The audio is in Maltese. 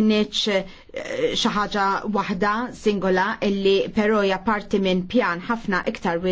inneċ eh, xaħġa wahda singola illi pero hija parti minn pjan ħafna iktar